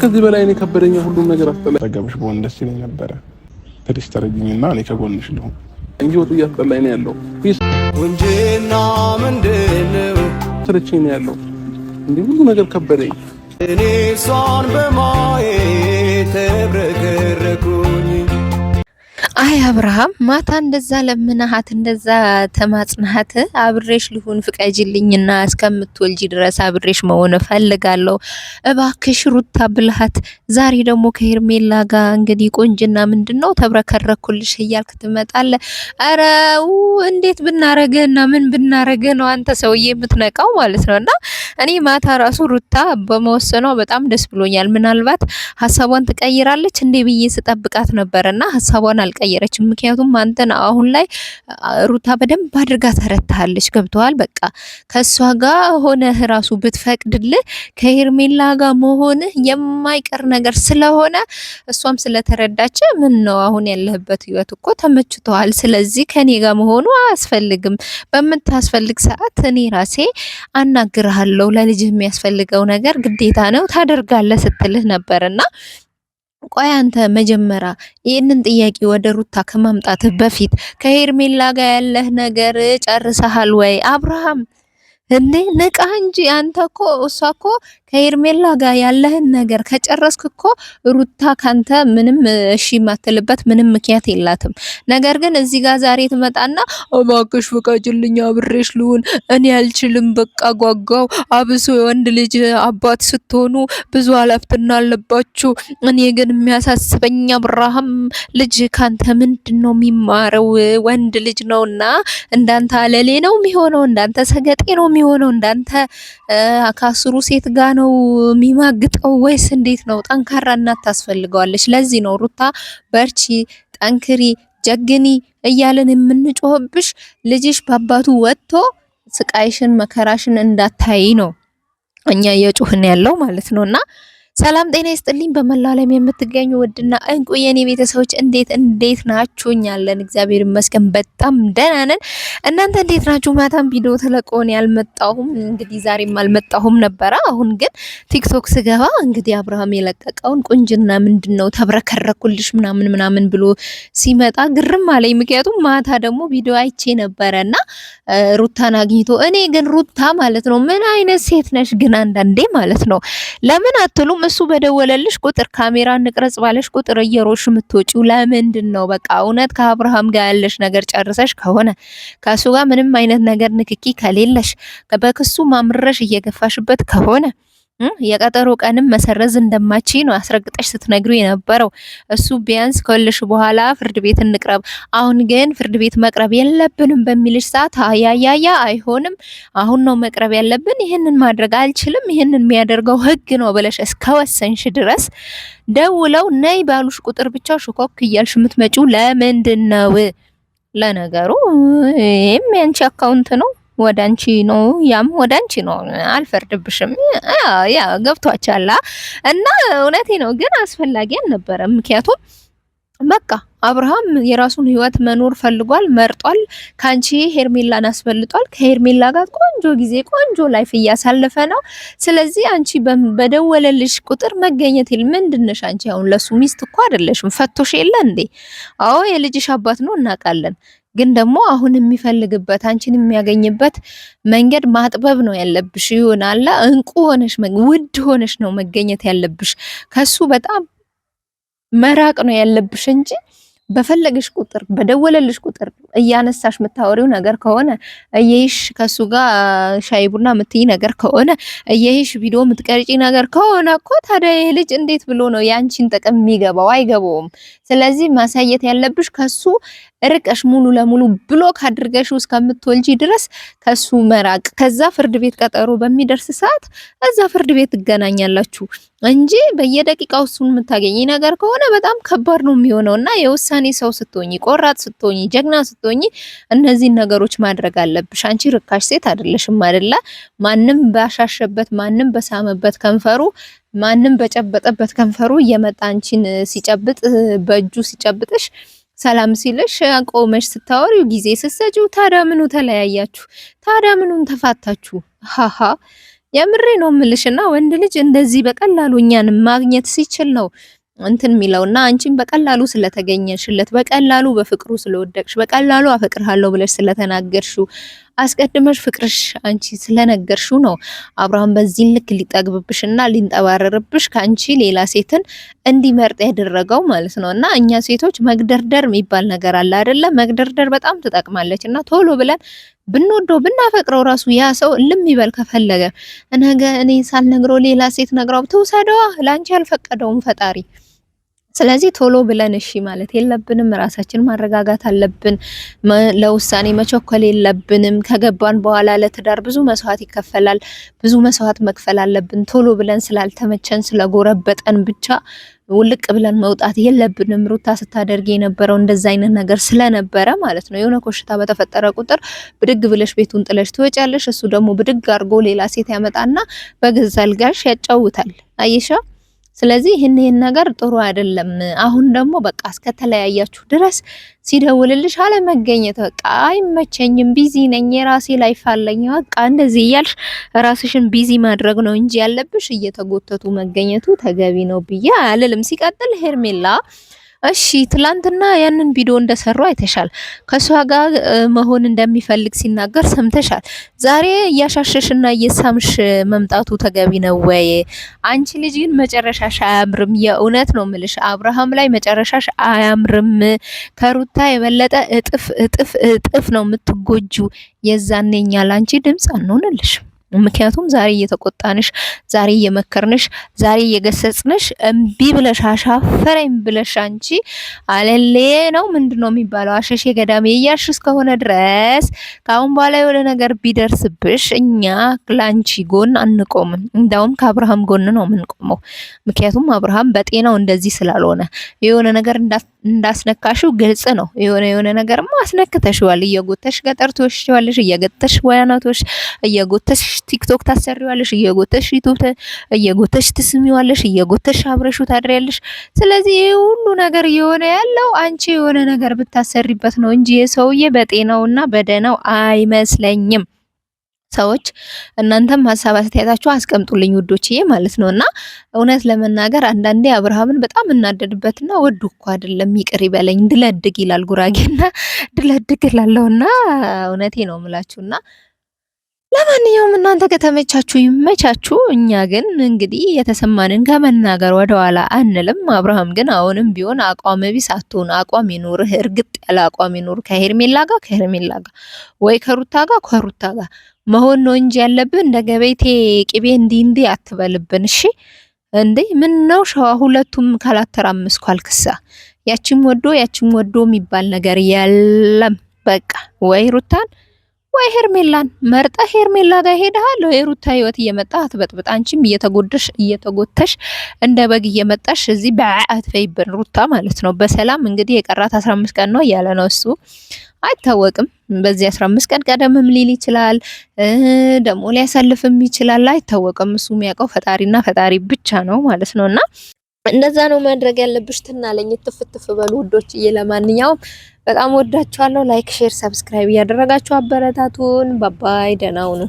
ከዚህ በላይ እኔ ከበደኛ ሁሉም ነገር አስጠላኝ። ጠገብሽ በሆን ደስ ይለኝ ነበረ። ትንሽ ተረጅኝና እኔ ከጎንሽ ልሁን እንጂ ወጡ እያስጠላኝ ነው ያለው። ወንጀና ምንድነው ስርች ነው ያለው። እንዲህ ሁሉ ነገር ከበደኝ። እኔ እሷን በማየት ተብረገረኩኝ። አይ አብርሃም ማታ እንደዛ ለምናሃት እንደዛ ተማጽናሃት አብሬሽ ልሁን ፍቀጅልኝና እስከምትወልጂ ድረስ አብሬሽ መሆን እፈልጋለሁ እባክሽ ሩታ ብልሃት። ዛሬ ደግሞ ከሄርሜላ ጋር እንግዲህ ቆንጅና ምንድን ነው ተብረከረኩልሽ እያልክ ትመጣለ። አረው እንዴት ብናረገና ምን ብናረገ ነው አንተ ሰውዬ የምትነቃው ማለት ነው። እና እኔ ማታ ራሱ ሩታ በመወሰኗ በጣም ደስ ብሎኛል። ምናልባት ሀሳቧን ትቀይራለች እንዴ ብዬ ስጠብቃት ነበር እና ሀሳቧን አልቀ አልቀየረችም። ምክንያቱም አንተን አሁን ላይ ሩታ በደንብ አድርጋ ተረታለች። ገብተዋል። በቃ ከእሷ ጋር ሆነህ ራሱ ብትፈቅድልህ ከሄርሜላ ጋር መሆንህ የማይቀር ነገር ስለሆነ እሷም ስለተረዳች ምን ነው አሁን ያለህበት ህይወት እኮ ተመችቷል። ስለዚህ ከኔ ጋር መሆኑ አያስፈልግም። በምታስፈልግ ሰዓት እኔ ራሴ አናግርሃለሁ። ለልጅ የሚያስፈልገው ነገር ግዴታ ነው ታደርጋለህ ስትልህ ነበርና ቆይ አንተ መጀመሪያ ይህንን ጥያቄ ወደ ሩታ ከማምጣትህ በፊት ከሄርሜላ ጋር ያለህ ነገር ጨርሰሃል ወይ አብርሃም? እንዴ ንቃ እንጂ አንተ እኮ እሷ እኮ ከኤርሜላ ጋር ያለህን ነገር ከጨረስክ እኮ ሩታ ካንተ ምንም እሺ የማትልበት ምንም ምክንያት የላትም። ነገር ግን እዚህ ጋር ዛሬ ትመጣና እባክሽ ፍቀጅልኝ፣ አብሬሽ ልሁን፣ እኔ አልችልም፣ በቃ ጓጓው። አብሶ የወንድ ልጅ አባት ስትሆኑ ብዙ ኃላፊነት አለባችሁ። እኔ ግን የሚያሳስበኝ አብርሃም ልጅ ካንተ ምንድን ነው የሚማረው? ወንድ ልጅ ነውና እንዳንተ አለሌ ነው የሚሆነው፣ እንዳንተ ሰገጤ ነው የሚሆነው? እንዳንተ ከአስሩ ሴት ጋ ነው የሚማግጠው ወይስ እንዴት ነው? ጠንካራ እናት ታስፈልገዋለች። ለዚህ ነው ሩታ በርቺ፣ ጠንክሪ፣ ጀግኒ እያለን የምንጮህብሽ ልጅሽ በአባቱ ወጥቶ ስቃይሽን መከራሽን እንዳታይ ነው እኛ እየጮህን ያለው ማለት ነውና ሰላም ጤና ይስጥልኝ። በመላው ዓለም የምትገኙ ውድና እንቁ የኔ ቤተሰቦች እንዴት እንዴት ናችሁኛለን? እግዚአብሔር ይመስገን በጣም ደህና ነን። እናንተ እንዴት ናችሁ? ማታም ቪዲዮ ተለቆን ያልመጣሁም እንግዲህ ዛሬም አልመጣሁም ነበረ። አሁን ግን ቲክቶክ ስገባ እንግዲህ አብርሃም የለቀቀውን ቁንጅና ምንድን ነው ተብረከረኩልሽ ምናምን ምናምን ብሎ ሲመጣ ግርም አለኝ። ምክንያቱም ማታ ደግሞ ቪዲዮ አይቼ ነበረና ሩታን አግኝቶ እኔ ግን ሩታ ማለት ነው ምን አይነት ሴት ነሽ ግን አንዳንዴ ማለት ነው ለምን አትሉም እሱ በደወለልሽ ቁጥር ካሜራ ንቅረጽ ባለሽ ቁጥር እየሮሽ የምትወጪው ለምንድን ነው? በቃ እውነት ከአብርሃም ጋር ያለሽ ነገር ጨርሰሽ ከሆነ ከእሱ ጋር ምንም አይነት ነገር ንክኪ ከሌለሽ በክሱ ማምረሽ እየገፋሽበት ከሆነ የቀጠሮ ቀንም መሰረዝ እንደማች ነው አስረግጠሽ ስትነግሩ የነበረው። እሱ ቢያንስ ከልሽ በኋላ ፍርድ ቤት እንቅረብ፣ አሁን ግን ፍርድ ቤት መቅረብ የለብንም በሚልሽ ሰዓት አያያያ አይሆንም፣ አሁን ነው መቅረብ ያለብን፣ ይህንን ማድረግ አልችልም፣ ይህንን የሚያደርገው ህግ ነው ብለሽ እስከወሰንሽ ድረስ ደውለው ነይ ባሉሽ ቁጥር ብቻ ሹኮክ እያልሽ የምትመጪው ለምንድን ነው? ለነገሩ ይህም ያንቺ አካውንት ነው ወደ አንቺ ነው፣ ያም ወደ አንቺ ነው። አልፈርድብሽም። ያ ገብቷቻላ እና እውነቴ ነው፣ ግን አስፈላጊ አልነበረም። ምክንያቱም በቃ አብርሃም የራሱን ህይወት መኖር ፈልጓል፣ መርጧል። ከአንቺ ሄርሜላን አስበልጧል። ከሄርሜላ ጋር ቆንጆ ጊዜ ቆንጆ ላይፍ እያሳለፈ ነው። ስለዚህ አንቺ በደወለልሽ ቁጥር መገኘት ይል ምንድነሽ? አንቺ አሁን ለሱ ሚስት እኮ አይደለሽም። ፈቶሽ የለ እንዴ? አዎ የልጅሽ አባት ነው፣ እናውቃለን ግን ደግሞ አሁን የሚፈልግበት አንቺን የሚያገኝበት መንገድ ማጥበብ ነው ያለብሽ። ይሆናላ እንቁ ሆነሽ ውድ ሆነሽ ነው መገኘት ያለብሽ። ከሱ በጣም መራቅ ነው ያለብሽ እንጂ በፈለግሽ ቁጥር በደወለልሽ ቁጥር እያነሳሽ የምታወሪው ነገር ከሆነ እየይሽ ከሱ ጋር ሻይ ቡና የምትይ ነገር ከሆነ እየይሽ ቪዲዮ የምትቀርጪ ነገር ከሆነ እኮ ታዲያ ይሄ ልጅ እንዴት ብሎ ነው ያንቺን ጥቅም የሚገባው? አይገባውም። ስለዚህ ማሳየት ያለብሽ ከሱ ርቀሽ ሙሉ ለሙሉ ብሎክ አድርገሽ እስከምትወልጂ ድረስ ከሱ መራቅ። ከዛ ፍርድ ቤት ቀጠሮ በሚደርስ ሰዓት እዛ ፍርድ ቤት ትገናኛላችሁ እንጂ በየደቂቃው እሱን የምታገኝ ነገር ከሆነ በጣም ከባድ ነው የሚሆነው እና የውሳኔ ሰው ስትሆኝ፣ ቆራጥ ስትሆኝ፣ ጀግና ስትሆኚ እነዚህን ነገሮች ማድረግ አለብሽ። አንቺ ርካሽ ሴት አይደለሽም አይደለ? ማንም ባሻሸበት ማንም በሳመበት ከንፈሩ ማንም በጨበጠበት ከንፈሩ እየመጣ አንቺን ሲጨብጥ በእጁ ሲጨብጥሽ ሰላም ሲልሽ ቆመሽ ስታወሪው ጊዜ ስትሰጪው፣ ታዲያ ምኑ ተለያያችሁ? ታዲያ ምኑን ተፋታችሁ? ሃሃ የምሬ ነው ምልሽና ወንድ ልጅ እንደዚህ በቀላሉ እኛን ማግኘት ሲችል ነው እንትን የሚለውና አንቺን በቀላሉ ስለተገኘሽለት በቀላሉ በፍቅሩ ስለወደቅሽ በቀላሉ አፈቅርሃለሁ ብለሽ ስለተናገርሽው አስቀድመሽ ፍቅርሽ አንቺ ስለነገርሽው ነው አብርሃም በዚህ ልክ ሊጠግብብሽና ሊንጠባረርብሽ ከአንቺ ሌላ ሴትን እንዲመርጥ ያደረገው ማለት ነው። እና እኛ ሴቶች መግደርደር የሚባል ነገር አለ አይደለ? መግደርደር በጣም ትጠቅማለች። እና ቶሎ ብለን ብንወደው ብናፈቅረው ራሱ ያ ሰው ልም ይበል ከፈለገ ነገ እኔ ሳልነግረው ሌላ ሴት ነግራው ትውሰደዋ ለአንቺ አልፈቀደውም ፈጣሪ ስለዚህ ቶሎ ብለን እሺ ማለት የለብንም። ራሳችን ማረጋጋት አለብን። ለውሳኔ መቸኮል የለብንም። ከገባን በኋላ ለትዳር ብዙ መስዋዕት ይከፈላል። ብዙ መስዋዕት መክፈል አለብን። ቶሎ ብለን ስላልተመቸን ስለጎረበጠን ብቻ ውልቅ ብለን መውጣት የለብንም። ሩታ ስታደርግ የነበረው እንደዛ አይነት ነገር ስለነበረ ማለት ነው። የሆነ ኮሽታ በተፈጠረ ቁጥር ብድግ ብለሽ ቤቱን ጥለሽ ትወጫለሽ። እሱ ደግሞ ብድግ አድርጎ ሌላ ሴት ያመጣና በገዛ አልጋሽ ያጫውታል። አይሻ ስለዚህ ይህን ይህን ነገር ጥሩ አይደለም። አሁን ደግሞ በቃ እስከተለያያችሁ ድረስ ሲደውልልሽ አለመገኘት፣ በቃ አይመቸኝም፣ ቢዚ ነኝ፣ የራሴ ላይፍ አለኝ፣ በቃ እንደዚህ እያልሽ ራስሽን ቢዚ ማድረግ ነው እንጂ ያለብሽ እየተጎተቱ መገኘቱ ተገቢ ነው ብዬ አልልም። ሲቀጥል ሄርሜላ እሺ ትላንትና ያንን ቪዲዮ እንደሰሩ አይተሻል። ከሷ ጋር መሆን እንደሚፈልግ ሲናገር ሰምተሻል። ዛሬ እያሻሸሽና እየሳምሽ መምጣቱ ተገቢ ነው ወይ? አንቺ ልጅ ግን መጨረሻሽ አያምርም። የእውነት ነው ምልሽ አብርሃም ላይ መጨረሻሽ አያምርም። ከሩታ የበለጠ እጥፍ እጥፍ እጥፍ ነው የምትጎጁ። የዛኔኛ ላንቺ ድምፅ ምክንያቱም ዛሬ እየተቆጣንሽ፣ ዛሬ እየመከርንሽ፣ ዛሬ እየገሰጽንሽ እምቢ ብለሽ አሻፈረኝ ብለሽ አንቺ አለሌ ነው ምንድን ነው የሚባለው አሸሼ ገዳሜ እያልሽ እስከሆነ ድረስ ከአሁን በኋላ የሆነ ነገር ቢደርስብሽ እኛ ላንቺ ጎን አንቆምም። እንዳውም ከአብርሃም ጎን ነው የምንቆመው። ምክንያቱም አብርሃም በጤናው እንደዚህ ስላልሆነ የሆነ ነገር እንዳስነካሽው ግልጽ ነው። የሆነ የሆነ ነገርማ አስነክተሽዋል። እየጎተሽ ገጠር ትወሽዋለሽ፣ እየገጠሽ ወያናቶች እየጎተሽ እየጎተሽ ቲክቶክ ታሰሪዋለሽ፣ እየጎተሽ ዩቲዩብ እየጎተሽ ትስሚዋለሽ፣ እየጎተሽ አብረሹ ታድሪያለሽ። ስለዚህ ይሄ ሁሉ ነገር የሆነ ያለው አንቺ የሆነ ነገር ብታሰሪበት ነው እንጂ የሰውዬ በጤናውና በደህናው አይመስለኝም። ሰዎች እናንተም ሀሳብ አስተያየታችሁ አስቀምጡልኝ ውዶችዬ ማለት ነው። እና እውነት ለመናገር አንዳንዴ አብርሃምን በጣም እናደድበትና ወዱ እኮ አይደለም ይቅር ይበለኝ ድለድግ ይላል ጉራጌና ድለድግ እላለሁና እውነቴ ነው ምላችሁና ለማንኛውም እናንተ ከተመቻችሁ ይመቻችሁ። እኛ ግን እንግዲህ የተሰማንን ከመናገር ወደኋላ አንልም። አብርሃም ግን አሁንም ቢሆን አቋም ቢስ አትሁን፣ አቋም ይኑርህ። እርግጥ ያለ አቋም ይኑር። ከሄርሜላ ጋር ከሄርሜላ ጋር ወይ ከሩታ ጋር ከሩታ ጋር መሆን ነው እንጂ ያለብን እንደ ገበይቴ ቅቤ እንዲህ እንዲህ አትበልብን። እሺ እንዴ ምን ነው ሸዋ ሁለቱም ካላተራምስኩ አልክሳ ያቺም ወዶ ያቺም ወዶ የሚባል ነገር የለም። በቃ ወይ ሩታን ወይ ሄርሜላን መርጠ ሄርሜላ ጋር ሄደሃል። የሩታ ህይወት እየመጣ አትበጥብጥ። አንቺም እየተጎደሽ እየተጎተሽ እንደ በግ እየመጣሽ እዚህ በአትፈይብን ሩታ ማለት ነው። በሰላም እንግዲህ የቀራት 15 ቀን ነው እያለ ነው እሱ። አይታወቅም በዚህ 15 ቀን ቀደምም ሊል ይችላል፣ ደግሞ ሊያሳልፍም ይችላል። አይታወቅም። እሱ የሚያውቀው ፈጣሪና ፈጣሪ ብቻ ነው ማለት ነውና እንደዛ ነው ማድረግ ያለብሽ። ትናለኝ ትፍትፍ በሉ ውዶች። ለማንኛውም በጣም ወዳችኋለሁ። ላይክ፣ ሼር፣ ሰብስክራይብ እያደረጋችሁ አበረታቱን። ባባይ ደህና ሁኑ።